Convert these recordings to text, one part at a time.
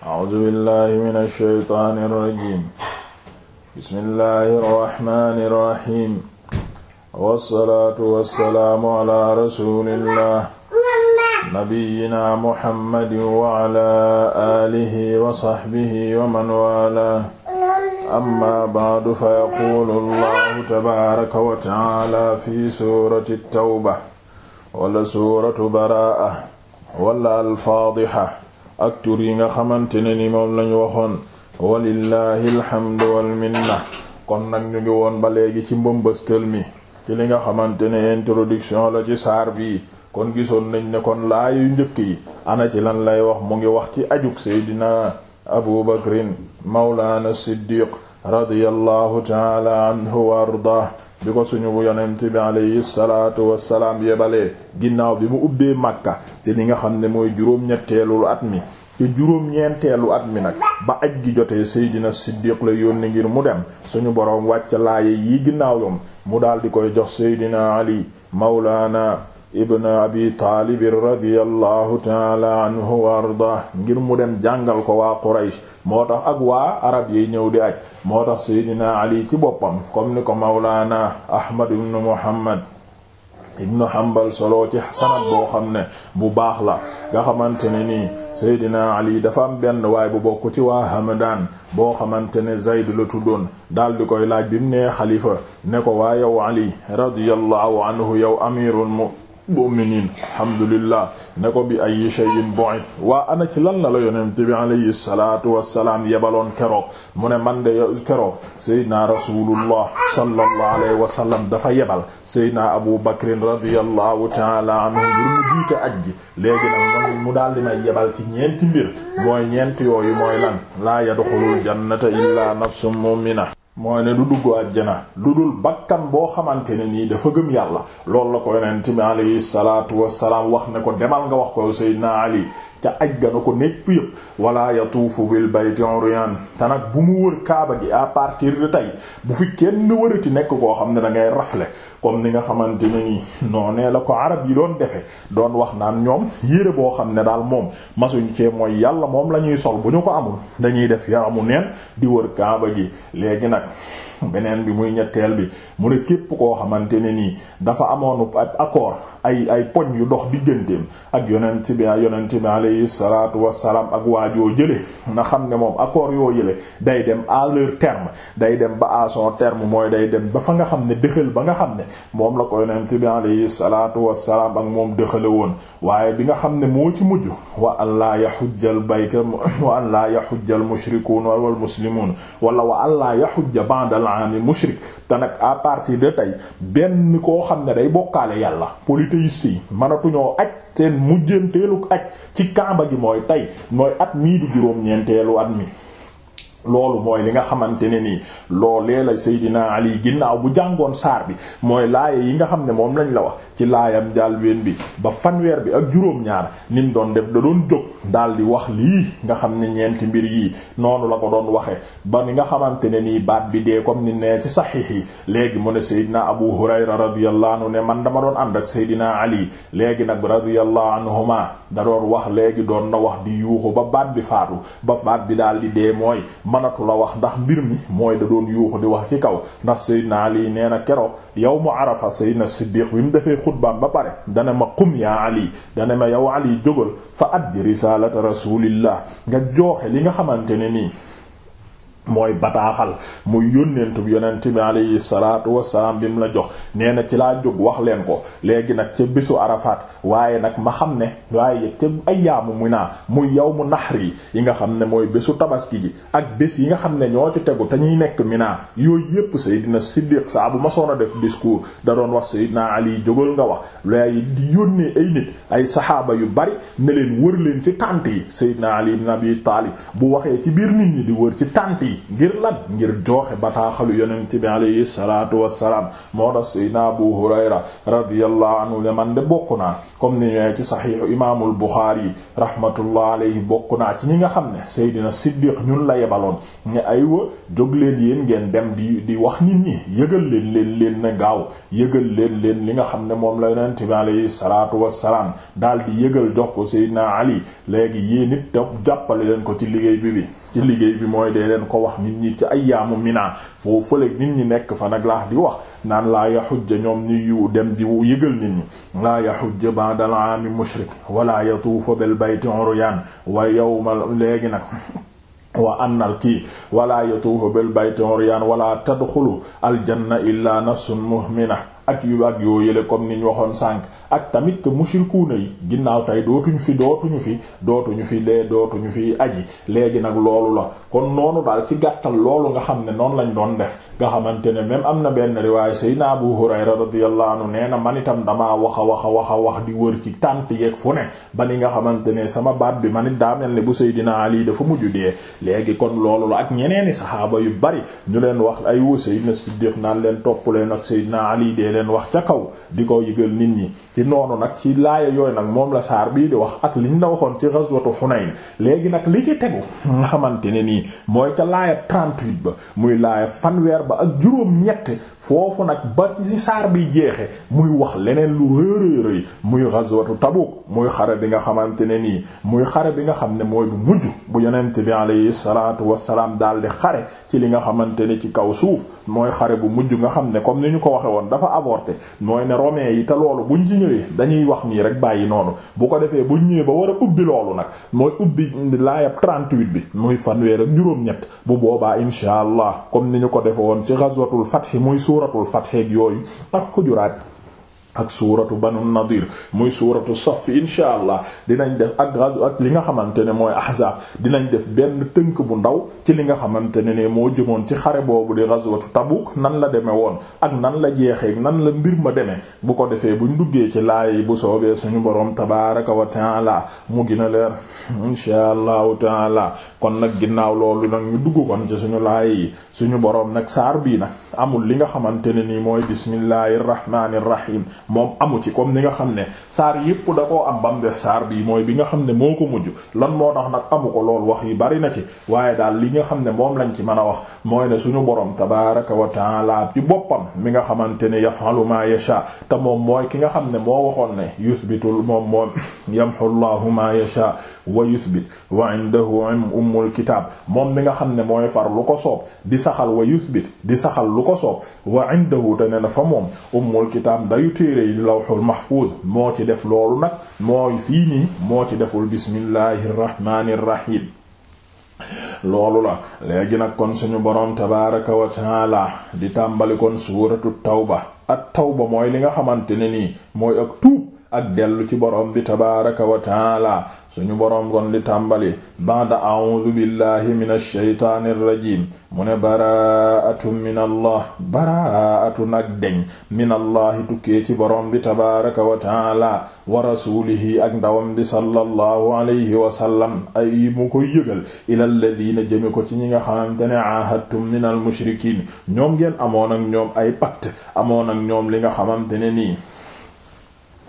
a'uuzu billahi mina shaytaani rajiim bismillahi rahmaani rahiim wassalaatu wassalaamu ala rasuulillah nabiyyina muhammadin wa ala aalihi wa sahbihi wa man waalaahu amma ba'du fa yaquulu allahu tabaaraka wa ta'aala fi suurati tawba wala suuratu baraa'a wala al-faadiha ak tur yi nga xamante ne ni moom lañu waxoon walillahi alhamdu wal minna kon nag ñu ngi woon ba léegi ci mbëmbëstal mi ci li nga xamante ne introduction la ci saar bii kon gisoon nañ ne kon laayu njëkk yi ana ci lan lay wax mu ngi wax ci ajug seydina abu bakrin mawlaana siddiq radiyallahu taala anhu wa ardah bi ko suñu yonent bi alayhi salaatu wassalaam yebalee ginnaaw bi mu ubbee màkka ci li nga xam ne mooy juróom-ñetteelul at mi te juróom-ñeenteelu at mi nag ba aj gi jotee Seydina Siddiq la yónni ngir mu dem suñu boroom wàcc laaye yi ginnaawam mu daal di koy jox Seydina Ali Mawlaana ibn abi taalibin radiallahu taala anhu wa ardah ngir mu dem jàngal ko waa quraysh moo tax ak waa arab yi ñëw di aj moo tax seydina ali ci boppam comme ni ko mawlaana ahmad ibn muhammad ibnu Hanbal solo ci sanad boo xam ne bu baax la nga xamante ne nii Seydina Ali dafa am benn waay bu bokk ci waa Hamadaan boo xamante ne Zayd la tuddoon daal di koy laaj bi mu nee xalifa ne ko waa yow Ali radiyallahu anhu yow amirul mu'miniin alhamdulillah ne ko bi ay shay'in bu'ith waa ana ci lan lala la yonent bi alayhi salaatu wassalaam yebaloon keroog mu ne man de keroog seydina rasulullah sallallahu alayhi wasallam dafa yebal seydina abu bakrin radiyallahu taala anhu ngir mu jiite aj gi léegi nag daal di may yebal ci ñeenti mbir mooy ñeent yooyu mooy lan laa yadxulul jannata illaa nafsun mu'mina mooy ne du dugg àjjana lu dul bakkan boo xamante ne nii dafa gëm yàlla loolu la ko yonent bi alayhi salaatu salaam wax ne ko demal nga wax ko Seydina Ali ca aj gana ko nekk yëpp wala yatuufu bil bayti uryan te nag bu mu wër kaaba gi à partir de tey bu fi kenn wërati nekk koo xam ne da ngay rafle comme ni nga xamante ne nii noonee la ko arab yi doon defee doon wax naan ñoom yére boo xam ne daal moom masuñ cee mooy yàlla moom la ñuy sol bu ñu ko amul dañuy def yaramu neen di wër kaaba gi léegi nag beneen bi muy ñetteel bi mu ne képp koo xamante ne nii dafa amoon accord ay ay poñ yu dox digganteem ak yonent bi yonent bi alayhi salaatu wassalaam ak waajoo jële na xam ne moom accord yoo jële day dem à terme day dem ba à son mooy day dem ba fa nga xam ne dëxal ba nga xam ne moom la ko yonent bi alayhi salaatu wa salaam ak moom dëxale woon waaye bi nga xam ne moo ci mujj wa an laa yahujjal bayka wa an laa yahujjal mushrikuun wal muslimuun wala wa an laa yahujja ba'da aami mushrik te nag à de tey benn koo xam ne day bokkaale yàlla polythéistes yi mënatuñoo aj seen mujjanteelu aj ci kaaba gi mooy tey mooy at mii di juróom-ñeenteelu at mi loolu mooy li nga xamante ne nii loolee la Seydina Ali ginnaaw bu jàngoon saar bi mooy laaya yi nga xam ne moom lañ la wax ci laayam daal ween bi ba fanweer bi ak juróom-ñaar ni doon def da doon jóg daal di wax lii nga xam ne ñeenti mbir yi noonu la ko doon waxee ba ni nga xamante ne nii baat bi dee comme ni nee ci saxiix yi léegi mu ne Seydina Abu Hurayra radiyallahu anhu ne man dama doon ànd ak Seydina Ali léegi nag radiyallahu anhuma da doon wax léegi doon na wax di yuuxu ba baat bi faatu ba bi daal di dee mooy mënatu la wax ndax mbir mi mooy da doon yuuxu di wax ci kaw ndax Seydina Ali nee na kero yawmu Arafa Seydina Siddiq bi mu defee xutbaam ba pare dana ma qum yaa Ali dana ma yow Ali jógal fa at addi risaalata rasulillah nga jooxe li nga xamante ne nii mooy bataaxal muy yónneentu bi yonent bi alayhi salaatu wasalaam bi mu la jox nee na ci laa jóg wax leen ko léegi nag ca bésu Arafat waaye nag ma xam ne waaye ca ayyaamu Mina muy yow mu nahri yi yi nga xam ne mooy bésu tabaski ji ak bés yi nga xam ne ñoo ci tegu te ñuy nekk Mina yooyu yépp Seydina Siddiq saa bu ma soon a def discours da doon wax Seydina Ali jógal nga wax léegi di yónnee ay nit ay saxaaba yu bari ne leen wër leen ci tànt yi Seydina Ali ibn Abi Taalib bu waxee ci biir nit ñi di wër ci tànt yi ngir lan ngir jooxe bataaxalu yonent bi alayhi salaatu wassalaam moo tax Seydina Abu Hurayra radiyallahu anhu ne man de bokk naa comme ni ñëwee ci saxiixu imaamul Buxaari rahmatullah alayhi bokk naa ci ñi nga xam ne Seydina Siddiq ñun la yebaloon ay aywa jóg leen yéen ngeen dem di di wax nit ñi yëgal leen leen leen na gaaw yëgal leen leen li nga xam ne moom la yonent bi alayhi salaatu wassalaam daal di yëgal jox ko Seydina Ali léegi yéen it jàppale leen ko ci liggéey bi bi ci liggéey bi mooy dee leen ko wax nit ñi ci ay yaamu mina foo fële nit ñi nekk fa nag laax di wax naan laa yaxujja ñoom ñu dem di yëgal nit ñi laa yaxujja ba'dal aami mushrik wala yatuufa bil bayti uryaan wa yawma léegi nag wa annal kii wala yatuufa bil bayti uryaan wala tadxulu aljanna illa nafsun mu'mina ak yu ak yoo yële comme ni ñu waxoon sànq ak tamit que mushrikuuna yi ginnaaw tey dootuñu fi dootuñu fi dootuñu fi lee dootuñu fi aji léegi nag loolu la kon noonu daal ci gàttal loolu nga xam ne noonu lañ doon def nga xamante ne même am na benn riwaay Seydina Abu Hurayra radiyallahu anhu nee na man itam damaa wax a wax a wax a wax di wër ci tànt yeeg fu ne ba ni nga xamante ne sama baat bi man it daa mel ne bu Seydina Ali dafa mujj dee léegi kon loolu la ak ñeneeni saxaaba yu bari ñu leen wax ay wu leen wax ca kaw di ko yëgal nit ñi ci noonu nag ci laaya yooyu nag moom la saar bii di wax ak liñ la waxoon ci ghazwatu Hunayn léegi nag li ci tegu nga xamante ne nii mooy ca laaya 38 ba muy laaya fanweer ba ak juróom ñett foofu nag ba ci saar bi jeexe muy wax leneen lu rëy rëy muy ghazwatu Tabuk muy xare bi nga xamante ne nii muy xare bi nga xam ne mooy bu mujj bu yonent bi alayhi salaatu wassalaam daal di xare ci li nga xamante ne ci kaw suuf mooy xare bu mujj nga xam ne comme ni ñu ko waxe woon rapporté mooy ne romains yi te loolu buñ ci ñëwee dañuy wax nii rek bàyyi noonu bu ko defee buñ ñëwee ba war a ubbi loolu nag mooy ubbi laayab 38 bi muy fanweer ak juróom-ñett bu boobaa insha allah comme ni ñu ko defee woon ci ghazwatul fath muy suuratul fath ak yooyu ak xujuraat ak suuratu banu nadir muy suuratu saf insha allah dinañ def ak gazu ak li nga xamante ne mooy ahzaab dinañ def benn tënk bu ndaw ci li nga xamante ne ne moo jëmoon ci xare boobu di gazwatu tabuk nan la demee woon ak nan la jeexee nan la mbir ma demee bu ko defee buñ duggee ci laay bu soobee suñu boroom tabaraka wa taala mu gën a leer insha allahu taala kon nag ginnaaw loolu nag ñu suñu laay yi suñu boroom nag saar bii nag amul li nga xamante ne nii mooy bismillahir rahmanir rahim moom amu ci comme ni nga xam ne saar yépp da koo am bam des saar bii mooy bi nga xam ne moo ko mujj lan moo tax nag amu ko lool wax yi bari na ci waaye daal li nga xam ne moom lañ ci man a wax mooy ne suñu borom tabaraka wa taala ci boppam mi nga xamante ne yafalu ma yasha te moom mooy ki nga xam ne moo waxoon ne yuthbitul moom moom yamhu llahu ma yasha wa yuthbit wa indahu ummul kitaab moom mi nga xam ne mooy far lu ko soob di saxal wa yuthbit di saxal lu ko soob wa indahu te ne na fa moom ummul kitaab dayu téere téere yi lawhul mahfuz moo ci def loolu nag mooy fii moo ci deful bismillahi rrahmani rrahim loolu la léegi nag kon suñu boroom tabaraka wa di tàmbali kon suuratu tawba at tawba mooy li nga xamante ne nii mooy ak tuub ak dellu ci borom bi tabaaraka wa taala suñu borom gon di tàmbali ba'da a'uudu billahi minash shaytaanir rajiim mu ne baraatun min allah baraatun ak deñ min allahi tukkee ci borom bi tabaaraka wa taala wa ak ndawam bi sallallahu alayhi wa ay mu koy yëgal ila alladina jëme ko ci ñi nga xamante ne ahadtum min al mushrikiin ñoom ngeen amoon ak ñoom ay pacte amoon ak ñoom li nga xamante ne nii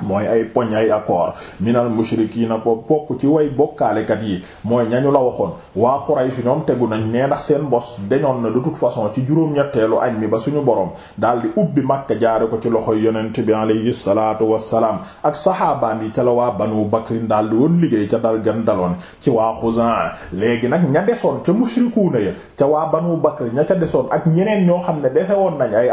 mooy ay poñ ay accord minal mushrikiina ko bokk ci way bokkaalekat yi mooy ñañu la waxoon waa fi ñoom tegu nañ nee ndax seen mbos deñoon na de toute façon ci juróom-ñetteelu añ mi ba suñu borom daal di ubbi Makka jaare ko ci loxoy yonent bi alayhi salaatu wassalaam ak saxaabaan yi ca la waa Banu Bakrin daal di woon liggéey ca dal gën daloon ci waa Xuzaa léegi nag ña desoon ca mushrikuuna ya ca waa Banu Bakrin ña ca desoon ak ñeneen ñoo xam ne dese woon nañ ay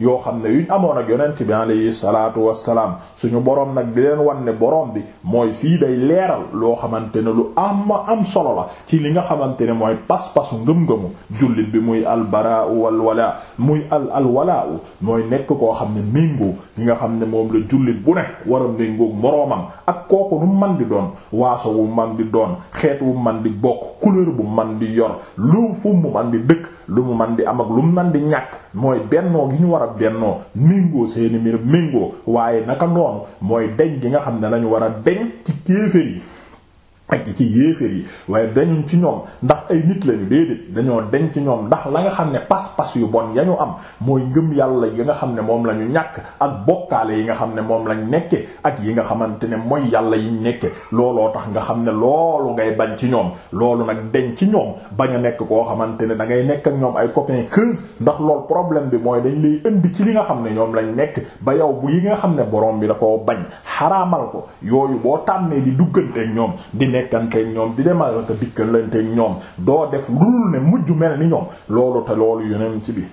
yoo xam ne yuñ amoon ak yonent bi alayhi salaatu wassalaam suñu borom nag di leen wan ne borom bi mooy fii day leeral loo xamante ne lu am am solo la ci li nga xamante ne mooy pas-pasu ngëm-ngëmu jullit bi muy al albaraa wal walaa muy al al walaa mooy nekk koo xam ne méngoo gi nga xam ne moom la jullit bu ne wara a méngoo moroomam ak kooku nu man di doon waaso wu man di doon xeet wu man di bokk couleur bu man di yor lu fu mu man di dëkk lu mu man di am ak lu mu man di ñàkk mooy bennoo gi ñu war a bennoo méngoo seeni mbir méngoo waaye naka noonu mooy deñ gi nga xam ne lañu war a deñ ci kéefër yi ak ci yéeféer yi waaye dañuñ ci ñoom ndax ay nit lañu déedéet dañoo deñ ci ñoom ndax la nga xam ne pas-pas yu bon yañu am mooy ngëm yàlla yi nga xam ne moom la ñu ñàkk ak bokkaale yi nga xam ne moom lañ nekke ak yi nga xamante ne mooy yàlla yi nekke looloo tax nga xam ne loolu ngay bañ ci ñoom loolu nag deñ ci ñoom bañ a nekk koo xamante ne da ngay nekk ak ñoom ay copain keuse ndax lool problème bi mooy dañ lay indi ci li nga xam ne ñoom lañ nekk ba yow bu yi nga xam ne borom bi da koo bañ xaraamal ko yooyu boo tàmmee di dugganteek ñoom nekkanteeg ñoom di demal ak dikkalanteeg ñoom doo def lu ne mujj mel ni ñoom loolu te loolu yonent bi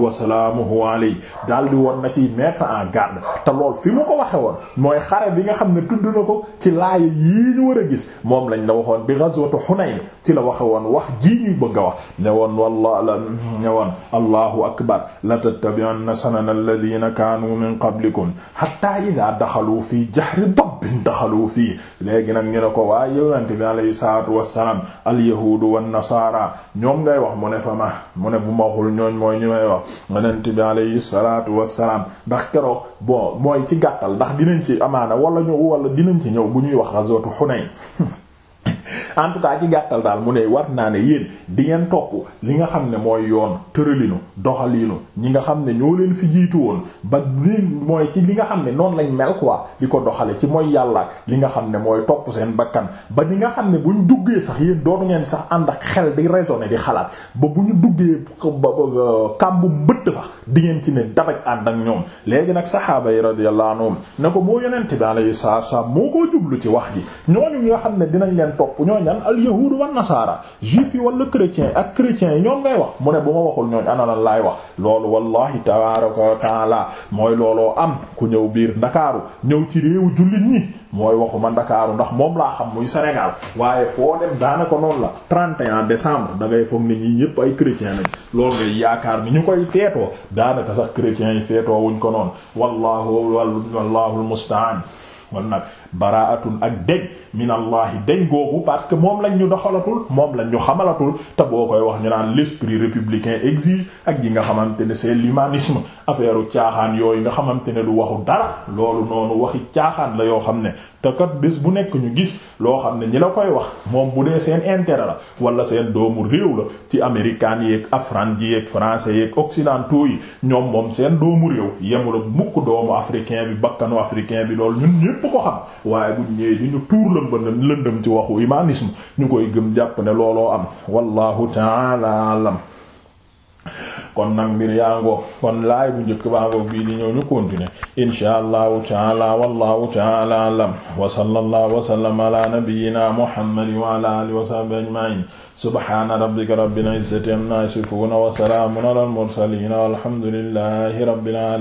wa salaamuhu alayhi daldi woon na ci mettre en garde fi mu ko woon mooy xare bi nga xam ne tudd na ko ci laaya yii ñu a gis moom lañ la waxoon bi ghazwatu Hunayn ci la waxe woon wax jii ñuy bëgg a wax ne woon wallah la ne woon allahu akbar la tattabi'anna sanana alladhina kaanu min qablikum hatta idha dakhalu fi jahri dabbin dakhalu fi léegi nag ñu ne ko waa yonent bi alayhi salaatu wassalaam alyahuudu wan nasaara ñoom ngay wax mu ne fa ma mu ne bu ma waxul ñooñ mooy ñu may wax yonent bi alayhi salaatu wassalaam ndax keroog bon mooy ci gàttal ndax dinañ ci amaana wala ñu wala dinañ ci ñëw bu ñuy wax ghazwatu Hunayn en tout cas ci gàttal daal mu ne war naa ne yéen di ngeen topp li nga xam ne mooy yoon tëralinu doxalinu ñi nga xam ne ñoo leen fi jiitu woon ba li mooy ci li nga xam ne noonu lañ mel quoi di ko doxale ci mooy yàlla li nga xam ne mooy topp seen bakkan ba di nga xam ne bu buñ duggee sax yéen dootu ngeen sax ànd ak xel di raisonner di xalaat ba bu ñu duggee kàmbu mbëtt sax di ngeen ci ne dabaj ànd ak ñoom léegi nag saxaaba yi radiyallahu anhum ne ko boo yonent bi alayhi salaatu wa salaam moo koo ci wax ji ñan al yahuud wa nasaara juif yi wala chrétien ak chrétiens yi ñoom ngay wax mu ne bu ma waxul ñooñ ana laay wax loolu wallahi tabaaraka wa taala mooy looloo am ku ñëw biir ndakaaru ñëw ci réewu jullit ñi mooy waxuma ndakaaru ndax moom laa xam muy Sénégal waaye foo dem daanaka noonu la 31 décembre da ngay foog ni ñi ñépp ay chrétien lañ lool ngay yaakaar ni ñu koy feetoo daanaka sax chrétiens yi feetoo wuñ ko noonu wallahu wallahu almustaan kon nag baraatun ak dej minallahi dañ googu parce que moom lañ ñu doxalatul moom lañ ñu xamalatul te boo koy wax ñu naan l'esprit républicain exige ak yi nga xamante ne c'est l'humanisme affaire caaxaan yooyu nga xamante ne du waxu dara loolu noonu waxi caaxaan la yoo xam ne te kat bés bu nekk ñu gis loo xam ne ñi la koy wax moom bu dee seen intérêt la wala seen doomu réew la ci américains yeeg afran ji yeeg français yeeg occidentaux yi ñoom moom seen doomu réew yemul mukk doomu africain bi bakkanu africain bi loolu ñun lëmba lëndëm ci waxu humanisme ñu koy gëm jàpp ne looloo am wallahu taala alam kon nag mbir yaa ngo kon laay bu njëkk baa ngo bii di ñëw ñu continuer insha allahu taala wallahu taala alam wa sallallahu wa sallama ala nabiyyina muhammadin wa ala alihi wa sahbihi ajma'in subhana rabbika rabbil izzati amma yasifun wa salamun ala al mursalin walhamdulillahi rabbil alamin